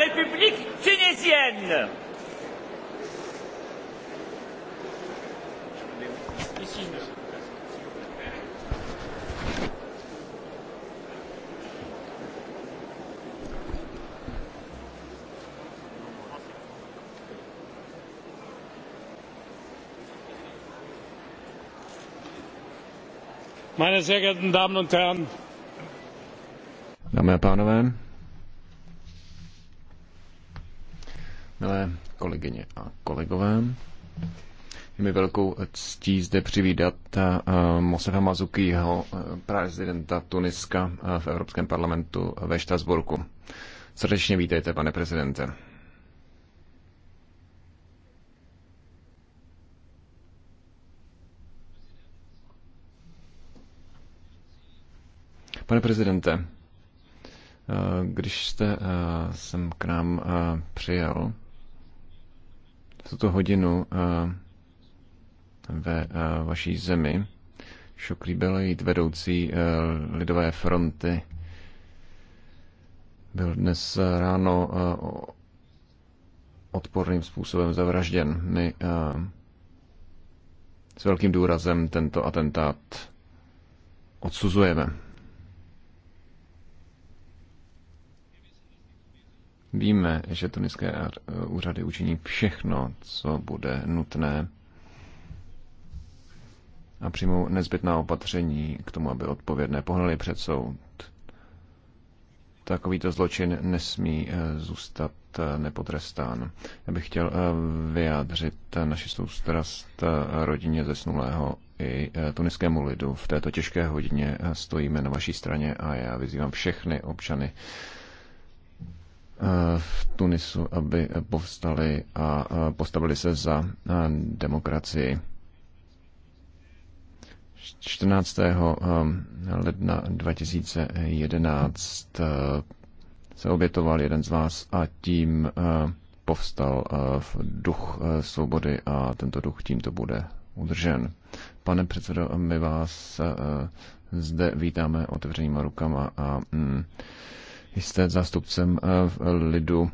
République tunisienne. Meine sehr geehrten Damen und Herren, Dámy a pánové, kolegyně a kolegové. Je mi velkou ctí zde přivídat eh, Mosefa Mazukyho, eh, prezidenta Tuniska eh, v Evropském parlamentu ve Štrasburku. Srdečně vítejte, pane prezidente. Pane prezidente, když jste sem k nám přijel, tuto hodinu eh, ve eh, vaší zemi Šokrý jít vedoucí eh, Lidové fronty, byl dnes ráno odporným způsobem zavražděn. My s velkým důrazem tento atentát odsuzujeme. Víme, že Tunické e, úřady učiní všechno, co bude nutné a přijmou nezbytná opatření k tomu, aby odpovědné pohnali před soud. Takovýto zločin nesmí e, zůstat e, nepotrestán. Já bych chtěl vyjádřit naši soustrast rodině zesnulého i tuniskému lidu. V této těžké hodině stojíme na vaší straně a já vyzývám všechny občany v Tunisu, aby povstali a postavili se za demokracii. 14. Um, ledna 2011 uh, se obětoval jeden z vás a tím uh, povstal uh, v duch svobody a tento duch tímto bude udržen. Pane předsedo, my vás zde vítáme otevřenýma rukama a mm, jste zástupcem eh, lidu,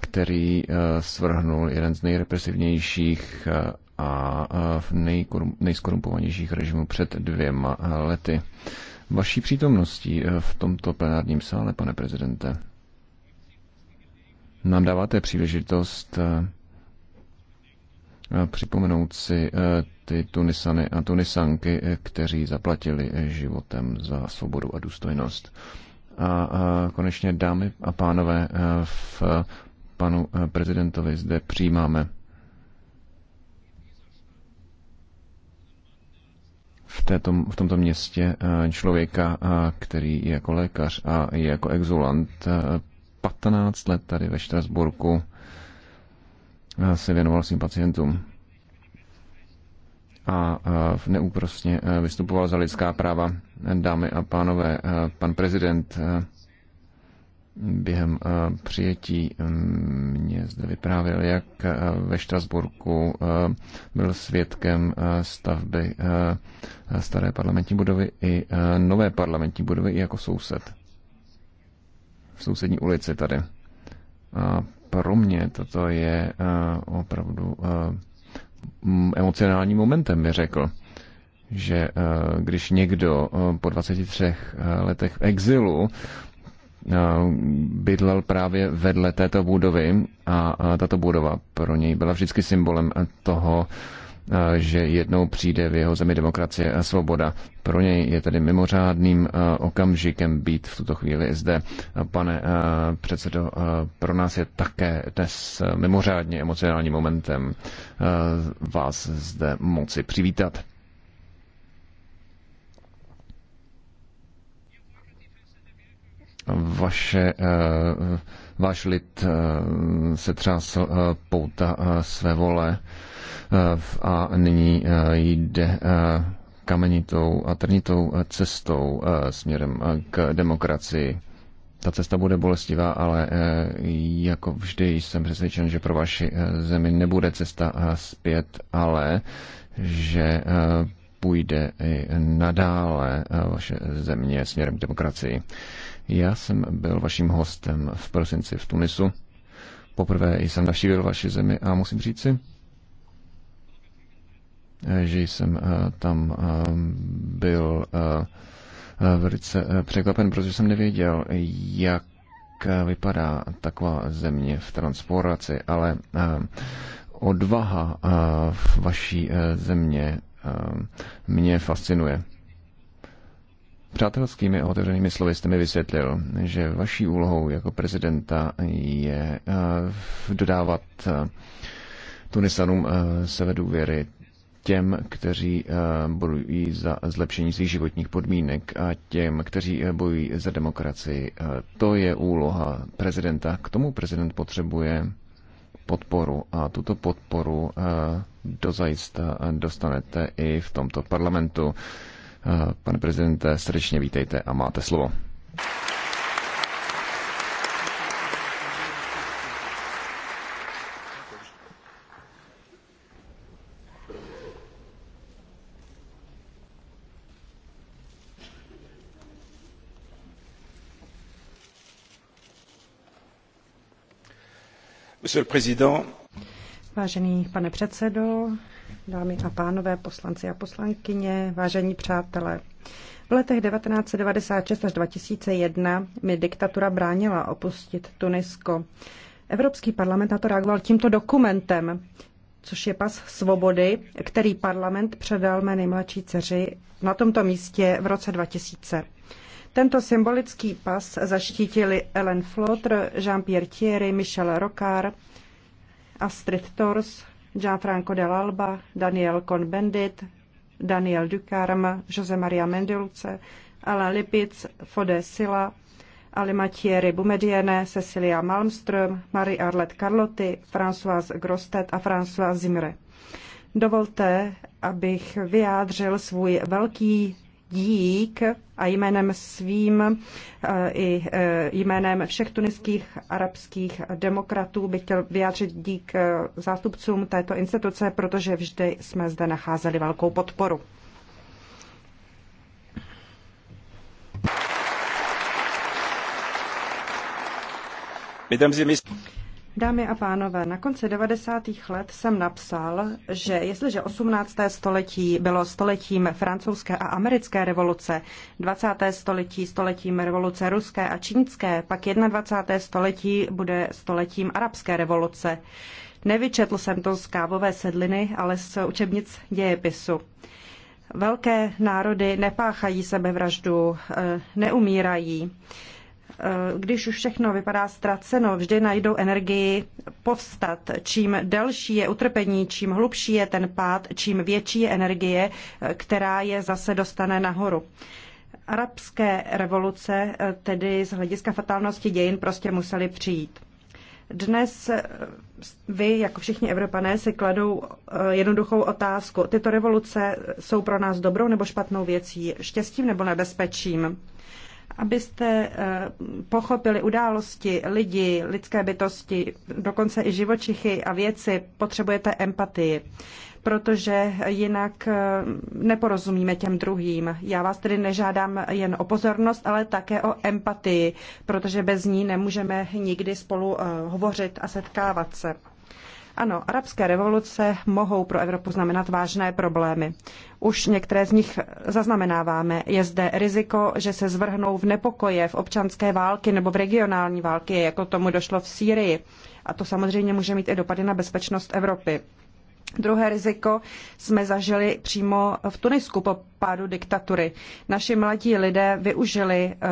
který eh, svrhnul jeden z nejrepresivnějších eh, a nejskorumpovanějších režimů před dvěma lety. Vaší přítomností v tomto plenárním sále, pane prezidente, nám dáváte příležitost připomenout si ty Tunisany a Tunisanky, kteří zaplatili životem za svobodu a důstojnost. A konečně, dámy a pánové, e, v e, panu e, prezidentovi zde přijímáme. v, této, v tomto městě člověka, který je jako lékař a je jako exulant 15 let tady ve Štrasburku se věnoval svým pacientům a neúprostně e, vystupoval za lidská práva. Dámy a pánové, e, pan prezident e, během přijetí mě zde vyprávěl, jak ve Štrasburku byl svědkem stavby staré parlamentní budovy i nové parlamentní budovy i jako soused. V sousední ulici tady. A pro mě toto je opravdu Mm, emocionálním momentem, by řekl. Že eh, když někdo eh, po 23 eh, letech v exilu bydlel právě vedle této budovy a tato budova pro něj byla vždycky symbolem toho, že jednou přijde v jeho zemi demokracie a svoboda. Pro něj je tedy mimořádným okamžikem být v tuto chvíli zde. Pane předsedo, pro nás je také dnes mimořádně emocionálním momentem vás zde moci přivítat. Vaše váš lid se třásl pouta své vole Eh, a nyní eh, jde eh, kamenitou a trnitou cestou směrem k demokracii. Ta cesta bude bolestivá, ale jako vždy jsem přesvědčen, že pro vaši zemi nebude cesta zpět, ale že půjde i nadále vaše země směrem k demokracii. Já jsem byl vaším hostem v prosinci v Tunisu. Poprvé jsem navštívil vaši zemi a musím říci, že jsem eh, tam eh, byl eh, velice překvapen, protože jsem nevěděl, jak vypadá taková země v transformaci, ale odvaha v vaší země mě fascinuje. Přátelskými a otevřenými slovy jste mi vysvětlil, že vaší úlohou jako prezidenta je dodávat Tunisanům sebe důvěry těm, kteří eh, bojují za zlepšení svých životních podmínek a těm, kteří eh, bojují za demokracii. Eh, to je úloha prezidenta. K tomu prezident potřebuje podporu a tuto podporu dozajista dostanete i v tomto parlamentu. Pane prezidente, srdečně vítejte a máte slovo. Monsieur le Président. Vážený pane předsedo, dámy a pánové, poslanci a poslankyně, vážení přátelé. V letech 1996 až 2001 mi diktatura bránila opustit Tunisko. Evropský parlament na to reagoval tímto dokumentem, což je pas svobody, který parlament předal mé nejmladší dceři na tomto místě v roce 2000. Tento symbolický pas zaštítili Ellen Flotter, Jean-Pierre Thierry, Michel Rocard, Astrid Tors, Gianfranco Dell'Alba, Daniel Cohn-Bendit, Daniel Ducarme, Jose Maria Mendulce, Alain Lipic, Fode Sila, Alimatieri Bumediene, Cecilia Malmström, Marie-Arlette Carlotti, François Grostet a François Zimre. Dovolte, abych vyjádřil svůj velký dík a jménem svým eh, i eh, jménem všech tuniských arabských demokratů bych chtěl vyjádřit dík eh, zástupcům této instituce, protože vždy jsme zde nacházeli velkou podporu. Mesdames et messieurs, Dámy a pánové, na konci 90. let jsem napsal, že jestliže 18. století bylo stoletím francouzské a americké revoluce, 20. století stoletím revoluce ruské a čínské, pak 21. století bude stoletím arabské revoluce. Nevyčetl jsem to z kávové sedliny, ale z učebnic dějepisu. Velké národy nepáchají sebevraždu, eh, neumírají. Eh, když už všechno vypadá ztraceno, vždy najdou energii povstat. Čím delší je utrpení, čím hlubší je ten pád, čím větší je energie, eh, která je zase dostane nahoru. Arabské revoluce eh, tedy z hlediska fatálnosti dějin prostě musely přijít. Dnes vy, jako všichni Evropané, si kladou jednoduchou otázku. Tyto revoluce jsou pro nás dobrou nebo špatnou věcí, štěstím nebo nebezpečím? abyste eh, pochopili události, lidi, lidské bytosti, dokonce i živočichy a věci, potřebujete empatii protože jinak eh, neporozumíme těm druhým. Já vás tedy nežádám jen o pozornost, ale také o empatii, protože bez ní nemůžeme nikdy spolu eh, hovořit a setkávat se. Ano, arabské revoluce mohou pro Evropu znamenat vážné problémy. Už některé z nich zaznamenáváme. Je zde riziko, že se zvrhnou v nepokoje, v občanské války nebo v regionální války, jako tomu došlo v Sýrii. A to samozřejmě může mít i dopady na bezpečnost Evropy. Druhé riziko jsme zažili přímo v Tunisku po pádu diktatury. Naši mladí lidé využili eh,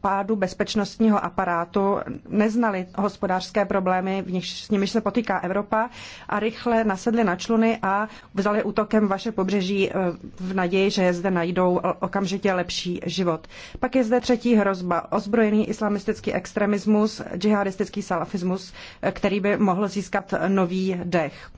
pádu bezpečnostního aparátu neznali hospodářské problémy, v nich, s nimiž se potýká Evropa a rychle nasedli na čluny a vzali útokem vaše pobřeží eh, v naději, že zde najdou okamžitě lepší život. Pak je zde třetí hrozba, ozbrojený islamistický extremismus, džihadistický salafismus, eh, který by mohl získat nový dech.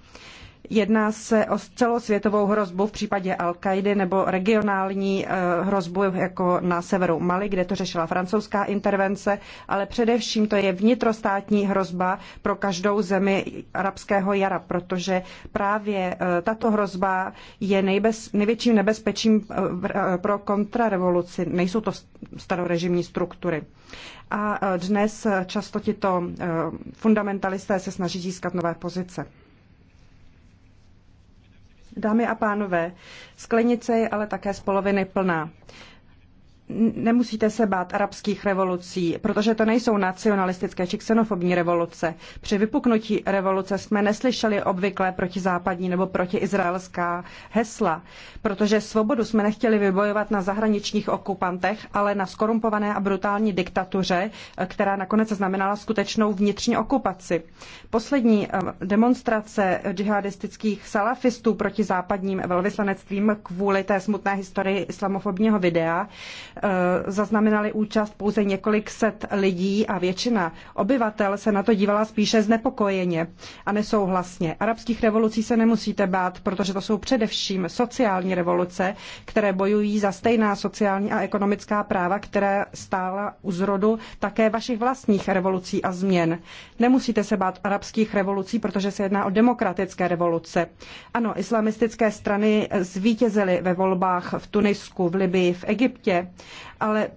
Jedná se o celosvětovou hrozbu v případě Al-Kaidy nebo regionální eh, hrozbu jako na severu Mali, kde to řešila francouzská intervence, ale především to je vnitrostátní hrozba pro každou zemi arabského jara, protože právě eh, tato hrozba je nejbez, největším nebezpečím eh, pro kontrarevoluci. Nejsou to starorežimní struktury. A dnes často tito fundamentalisté se snaží získat nové pozice. Dámy a pánové, sklenice je ale také z poloviny plná nemusíte se bát arabských revolucí, protože to nejsou nacionalistické či xenofobní revoluce. Při vypuknutí revoluce jsme neslyšeli obvykle protizápadní nebo protiizraelská hesla, protože svobodu jsme nechtěli vybojovat na zahraničních okupantech, ale na skorumpované a brutální diktatuře, která nakonec znamenala skutečnou vnitřní okupaci. Poslední eh, demonstrace džihadistických salafistů proti západním velvyslanectvím kvůli té smutné historii islamofobního videa Eh, zaznamenali účast pouze několik set lidí a většina obyvatel se na to dívala spíše znepokojeně a nesouhlasně. Arabských revolucí se nemusíte bát, protože to jsou především sociální revoluce, které bojují za stejná sociální a ekonomická práva, které stála u zrodu také vašich vlastních revolucí a změn. Nemusíte se bát arabských revolucí, protože se jedná o demokratické revoluce. Ano, islamistické strany zvítězily ve volbách v Tunisku, v Libii, v Egyptě ale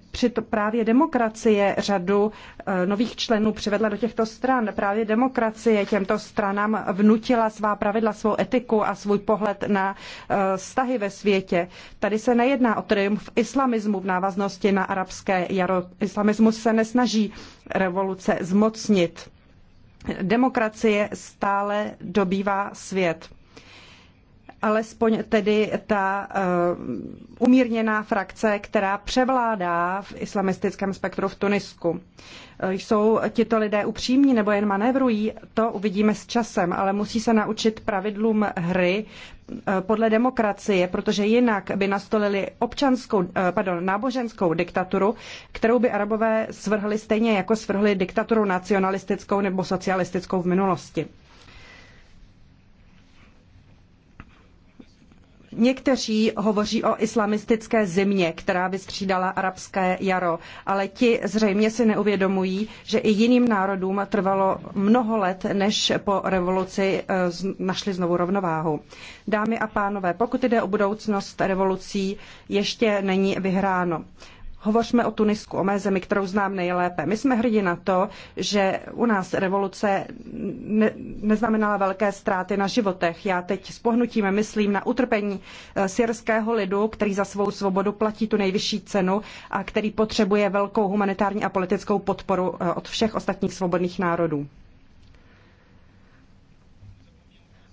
právě demokracie řadu eh, nových členů přivedla do těchto stran. Právě demokracie těmto stranám vnutila svá pravidla, svou etiku a svůj pohled na eh, vztahy ve světě. Tady se nejedná o triumf islamismu v návaznosti na arabské jaro. Islamismus se nesnaží revoluce zmocnit. Demokracie stále dobývá svět alespoň tedy ta uh, umírněná frakce, která převládá v islamistickém spektru v Tunisku. Eh, jsou tito lidé upřímní nebo jen manévrují, to uvidíme s časem, ale musí se naučit pravidlům hry eh, podle demokracie, protože jinak by nastolili občanskou, pardon, náboženskou diktaturu, kterou by arabové svrhli stejně jako svrhli diktaturu nacionalistickou nebo socialistickou v minulosti. Někteří hovoří o islamistické zimě, která by střídala arabské jaro, ale ti zřejmě si neuvědomují, že i jiným národům trvalo mnoho let, než po revoluci eh, našli znovu rovnováhu. Dámy a pánové, pokud jde o budoucnost revolucí, ještě není vyhráno. Hovořme o Tunisku, o mé zemi, kterou znám nejlépe. My jsme hrdí na to, že u nás revoluce ne, neznamenala velké ztráty na životech. Já teď s pohnutím myslím na utrpení eh, syrského lidu, který za svou svobodu platí tu nejvyšší cenu a který potřebuje velkou humanitární a politickou podporu eh, od všech ostatních svobodných národů.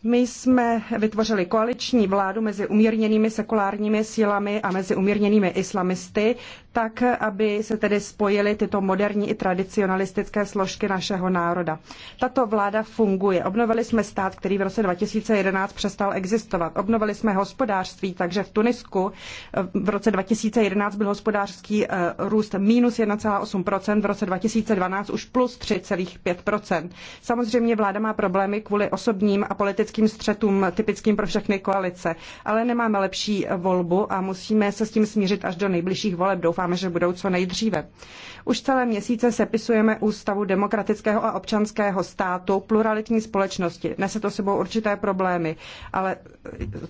My jsme vytvořili koaliční vládu mezi umírněnými sekulárními sílami a mezi umírněnými islamisty, tak aby se tedy spojily tyto moderní i tradicionalistické složky našeho národa. Tato vláda funguje. Obnovili jsme stát, který v roce 2011 přestal existovat. Obnovili jsme hospodářství, takže v Tunisku eh, v roce 2011 byl hospodářský eh, růst minus 1,8%, v roce 2012 už plus 3,5%. Samozřejmě vláda má problémy kvůli osobním a politickým střetům typickým pro všechny koalice, ale nemáme lepší volbu a musíme se s tím smířit až do nejbližších voleb. Doufám, doufáme, že budou co nejdříve. Už celé měsíce sepisujeme ústavu demokratického a občanského státu pluralitní společnosti. Nese to sebou určité problémy, ale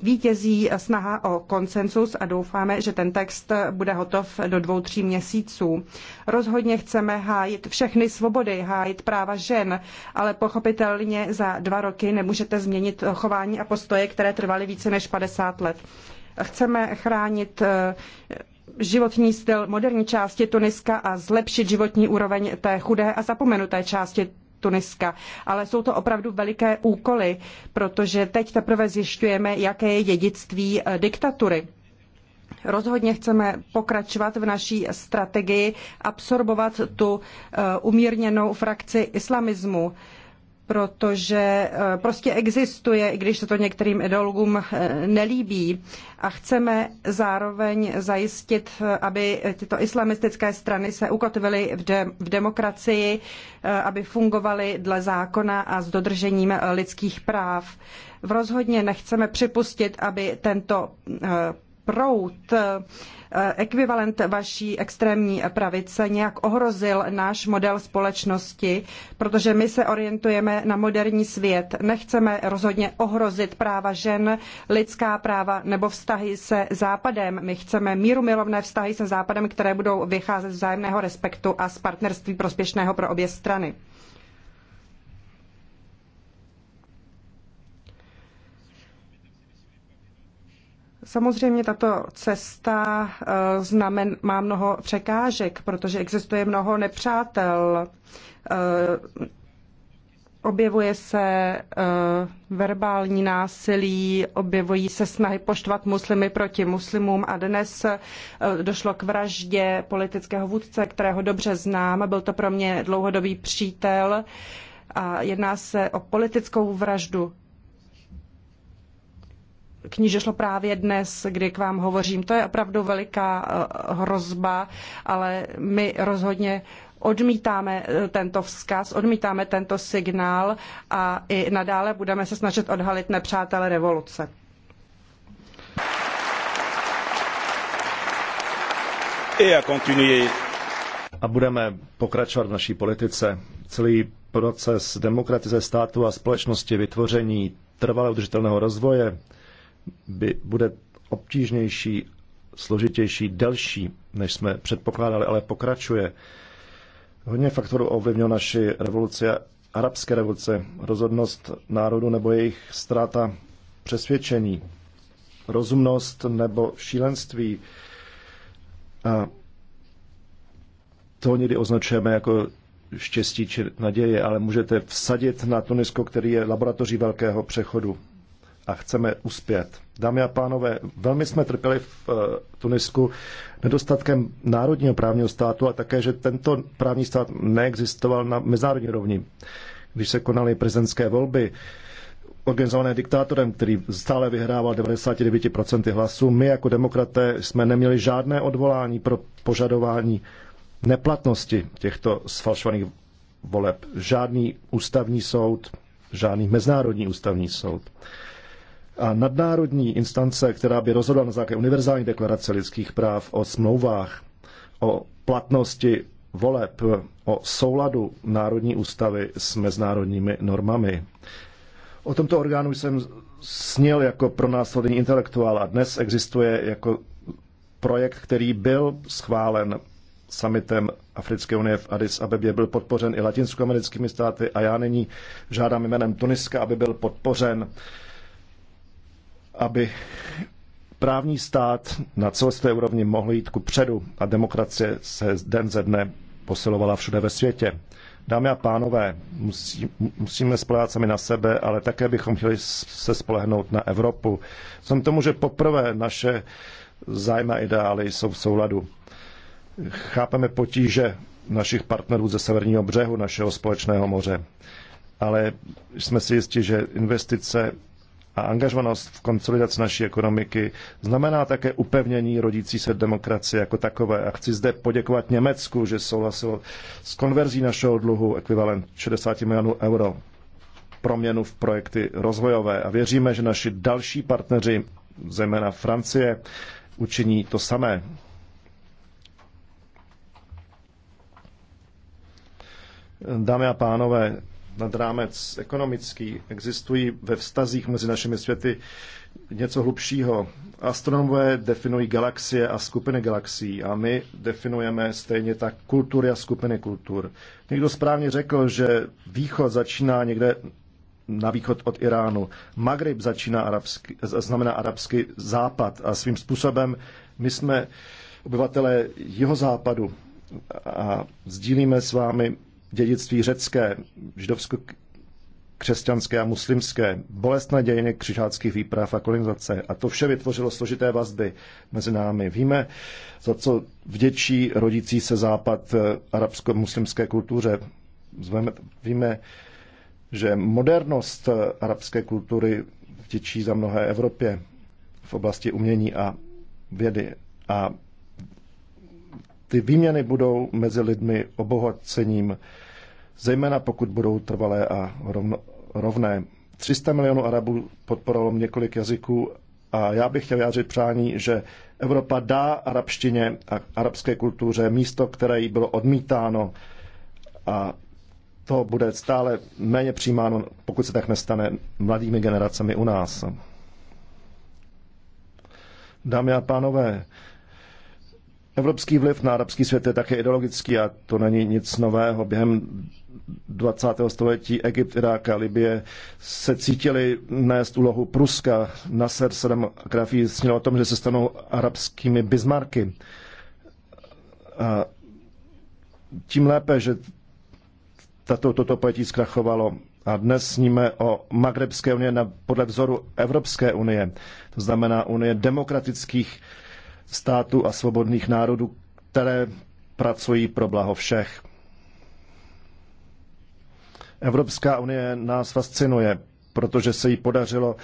vítězí snaha o konsensus a doufáme, že ten text bude hotov do dvou, tří měsíců. Rozhodně chceme hájit všechny svobody, hájit práva žen, ale pochopitelně za dva roky nemůžete změnit chování a postoje, které trvaly více než 50 let chceme chránit životní styl moderní části Tuniska a zlepšit životní úroveň té chudé a zapomenuté části Tuniska. Ale jsou to opravdu veliké úkoly, protože teď teprve zjišťujeme, jaké je dědictví eh, diktatury. Rozhodně chceme pokračovat v naší strategii absorbovat tu eh, umírněnou frakci islamismu protože eh, prostě existuje, i když se to některým ideologům eh, nelíbí. A chceme zároveň zajistit, eh, aby tyto islamistické strany se ukotvily v, de- v demokracii, aby fungovaly dle zákona a s dodržením lidských práv. V rozhodně nechceme připustit, aby tento proud, eh, ekvivalent vaší extrémní pravice, nějak ohrozil náš model společnosti, protože my se orientujeme na moderní svět. Nechceme rozhodně ohrozit práva žen, lidská práva nebo vztahy se západem. My chceme míru milovné vztahy se západem, které budou vycházet z vzájemného respektu a z partnerství prospěšného pro obě strany. Samozřejmě tato cesta eh, znamen, má mnoho překážek, protože existuje mnoho nepřátel. Eh, objevuje se eh, verbální násilí, objevují se snahy poštvat muslimy proti muslimům a dnes došlo k vraždě politického vůdce, kterého dobře znám. Byl to pro mě dlouhodobý přítel a jedná se o politickou vraždu k níž došlo právě dnes, kdy k vám hovořím. To je opravdu veliká eh, hrozba, ale my rozhodně odmítáme eh, tento vzkaz, odmítáme tento signál a i nadále budeme se snažit odhalit nepřátele revoluce. A budeme pokračovat v naší politice. Celý proces demokratizace státu a společnosti, vytvoření trvale udržitelného rozvoje, by, bude obtížnější, složitější, delší, než jsme předpokládali, ale pokračuje. Hodně faktorů ovlivnil naši revoluce, arabské revoluce, rozhodnost národu nebo jejich ztráta přesvědčení, rozumnost nebo šílenství. A to někdy označujeme jako štěstí či naděje, ale můžete vsadit na Tunisko, který je laboratoří velkého přechodu a chceme uspět. Dámy a pánové, velmi jsme trpěli v eh, Tunisku nedostatkem národního právního státu a také, že tento právní stát neexistoval na mezinárodní rovni. Když se konaly prezidentské volby, organizované diktátorem, který stále vyhrával 99% hlasů. My jako demokraté jsme neměli žádné odvolání pro požadování neplatnosti těchto sfalšovaných voleb. Žádný ústavní soud, žádný mezinárodní ústavní soud a nadnárodní instance, která by rozhodla na základě univerzální deklarace lidských práv o smlouvách, o platnosti voleb, o souladu Národní ústavy s mezinárodními normami. O tomto orgánu jsem snil jako pronásledný intelektuál a dnes existuje jako projekt, který byl schválen summitem Africké unie v Addis Abebě, byl podpořen i latinskoamerickými státy a já nyní žádám jménem Tuniska, aby byl podpořen aby právní stát na celosté úrovni mohl jít ku předu a demokracie se den ze dne posilovala všude ve světě. Dámy a pánové, musí, musíme spolehat sami na sebe, ale také bychom chtěli se spolehnout na Evropu. Jsem tomu, že poprvé naše zájmy ideály jsou v souladu. Chápeme potíže našich partnerů ze severního břehu našeho společného moře, ale jsme si jistí, že investice a angažovanost v konsolidaci naší ekonomiky znamená také upevnění rodící se demokracie jako takové. A chci zde poděkovat Německu, že souhlasilo s konverzí našeho dluhu ekvivalent 60 milionů euro proměnu v projekty rozvojové a věříme, že naši další partneři, zejména Francie, učiní to samé. Dámy a pánové, nad rámec ekonomický, existují ve vztazích mezi našimi světy něco hlubšího. Astronomové definují galaxie a skupiny galaxií a my definujeme stejně tak kultury a skupiny kultur. Někdo správně řekl, že východ začíná někde na východ od Iránu. Magrib začíná arabsky, znamená arabský západ a svým způsobem my jsme obyvatelé jeho západu a sdílíme s vámi dědictví řecké, židovsko-křesťanské a muslimské, bolestné dějiny křižáckých výprav a kolonizace. A to vše vytvořilo složité vazby mezi námi. Víme, za co vděčí rodící se západ eh, arabsko-muslimské kultuře. Zveme, víme, že modernost eh, arabské kultury vděčí za mnohé Evropě v oblasti umění a vědy. A ty výměny budou mezi lidmi obohacením, zejména pokud budou trvalé a rovno, rovné. 300 milionů Arabů podporovalo několik jazyků a já bych chtěl vyjádřit přání, že Evropa dá arabštině a arabské kultuře místo, které jí bylo odmítáno a to bude stále méně přijímáno, pokud se tak nestane, mladými generacemi u nás. Dámy a pánové, Evropský vliv na arabský svět je také ideologický a to není nic nového. Během 20. století Egypt, Irák a Libie se cítili nést úlohu Pruska. Nasser Saddam Grafí snil o tom, že se stanou arabskými Bismarky. A tím lépe, že tato, toto pojetí zkrachovalo. A dnes sníme o Magrebské unie na, podle vzoru Evropské unie. To znamená unie demokratických uh, států a svobodných národů, které pracují pro blaho všech. Evropská unie nás fascinuje, protože se jí podařilo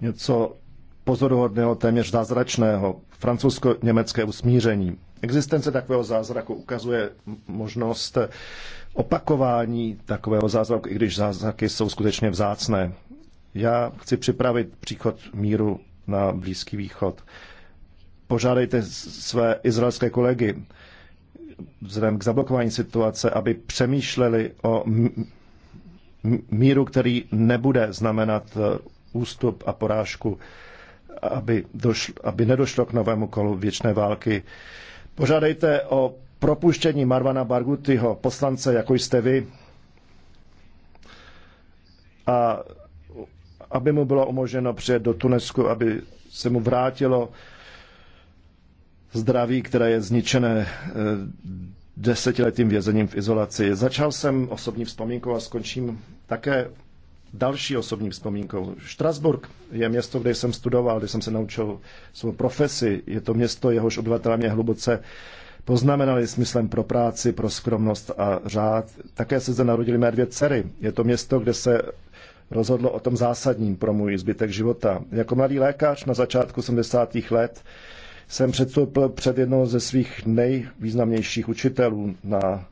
něco pozoruhodného, téměř zázračného, francouzsko-německé usmíření. Existence takového zázraku ukazuje možnost opakování takového zázraku, i když zázraky jsou skutečně vzácné. Já chci připravit příchod míru na Blízký východ požádejte své izraelské kolegy vzhledem k zablokování situace, aby přemýšleli o míru, který nebude znamenat e, ústup a porážku, aby, došlo, aby nedošlo k novému kolu věčné války. Požádejte o propuštění Marvana Bargutyho, poslance, jako jste vy, a aby mu bylo umožněno přijet do Tunesku, aby se mu vrátilo zdraví, které je zničené eh, desetiletým vězením v izolaci. Začal jsem osobní vzpomínkou a skončím také další osobní vzpomínkou. Štrasburg je město, kde jsem studoval, kde jsem se naučil svou profesi. Je to město, jehož obyvatelé mě hluboce poznamenali smyslem pro práci, pro skromnost a řád. Také se zde narodili mé dvě dcery. Je to město, kde se rozhodlo o tom zásadním pro můj zbytek života. Jako mladý lékař na začátku 70. let jsem předstoupil před jednou ze svých nejvýznamnějších učitelů na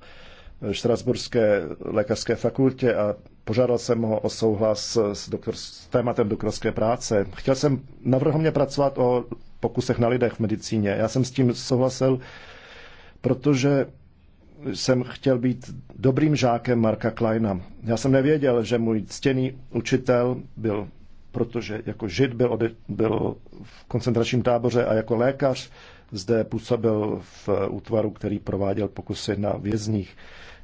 Štrasburské lékařské fakultě a požádal jsem ho o souhlas s, doktor, s tématem doktorské práce. Chtěl jsem navrhovně pracovat o pokusech na lidech v medicíně. Já jsem s tím souhlasil, protože jsem chtěl být dobrým žákem Marka Kleina. Já jsem nevěděl, že můj ctěný učitel byl protože jako žid byl, ode, byl v koncentračním táboře a jako lékař zde působil v útvaru, který prováděl pokusy na vězních.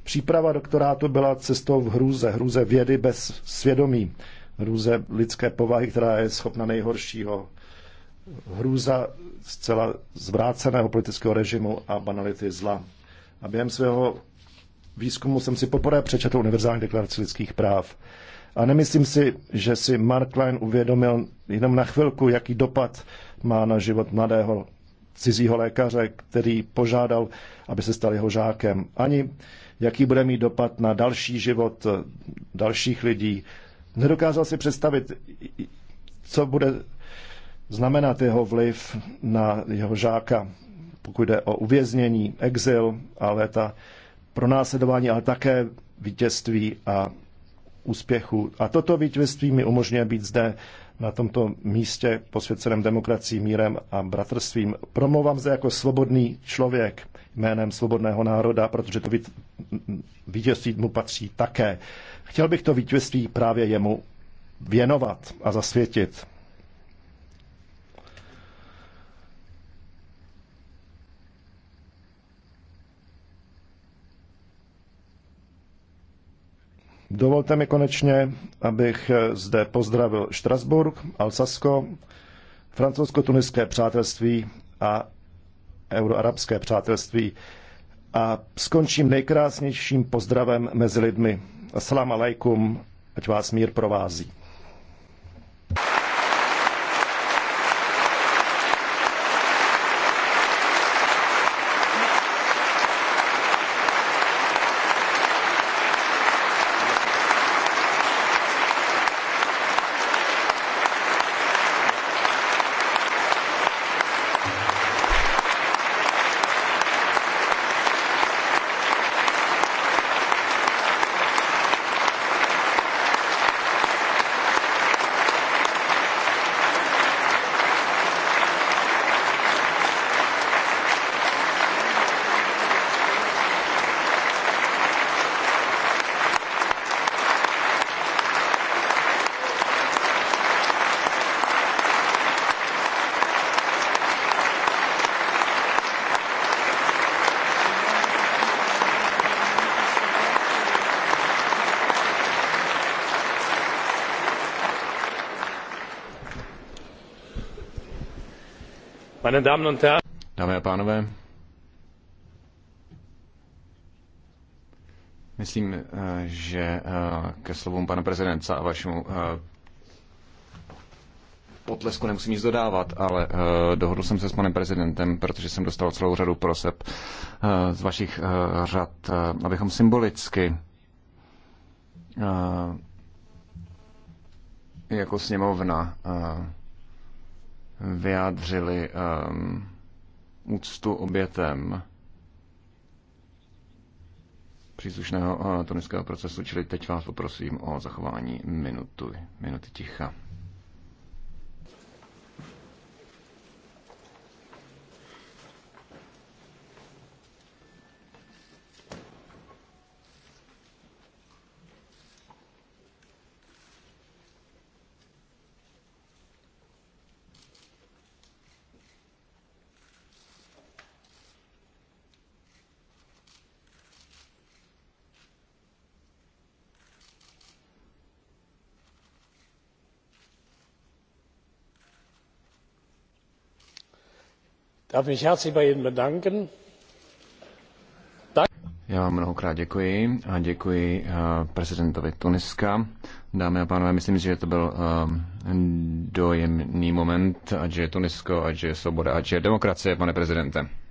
Příprava doktorátu byla cestou v hrůze, hrůze vědy bez svědomí, hrůze lidské povahy, která je schopna nejhoršího, hrůza zcela zvráceného politického režimu a banality zla. A během svého výzkumu jsem si poprvé přečetl univerzální deklaraci lidských práv. A nemyslím si, že si Mark Klein uvědomil jenom na chvilku, jaký dopad má na život mladého cizího lékaře, který požádal, aby se stal jeho žákem. Ani jaký bude mít dopad na další život eh, dalších lidí. Nedokázal si představit, co bude znamenat jeho vliv na jeho žáka, pokud jde o uvěznění, exil a léta pronásledování, ale také vítězství a úspěchu. A toto vítězství mi umožňuje být zde na tomto místě posvěceném demokracii, mírem a bratrstvím. Promlouvám zde jako svobodný člověk jménem svobodného národa, protože to vítězství mu patří také. Chtěl bych to vítězství právě jemu věnovat a zasvětit. Dovolte mi konečně, abych zde pozdravil Štrasburg, Alsasko, francouzsko-tuniské přátelství a euroarabské přátelství. A skončím nejkrásnějším pozdravem mezi lidmi. Assalamu alaikum, ať vás mír provází. Dámy a pánové, myslím, eh, že eh, ke slovům pana prezidenta a vašemu eh, potlesku nemusím nic dodávat, ale dohodl jsem se s panem prezidentem, protože jsem dostal celou řadu proseb z vašich řad, abychom symbolicky jako sněmovna vyjádřili um, úctu obětem příslušného eh, tuniského procesu, čili teď vás poprosím o zachování minuty, minuty ticha. darf mich herzlich bei Ihnen bedanken. Já vám mnohokrát děkuji a děkuji eh, prezidentovi Tuniska. Dámy a pánové, myslím, si, že to byl eh, dojemný moment, ať je Tunisko, ať je svoboda, ať je demokracie, pane prezidente.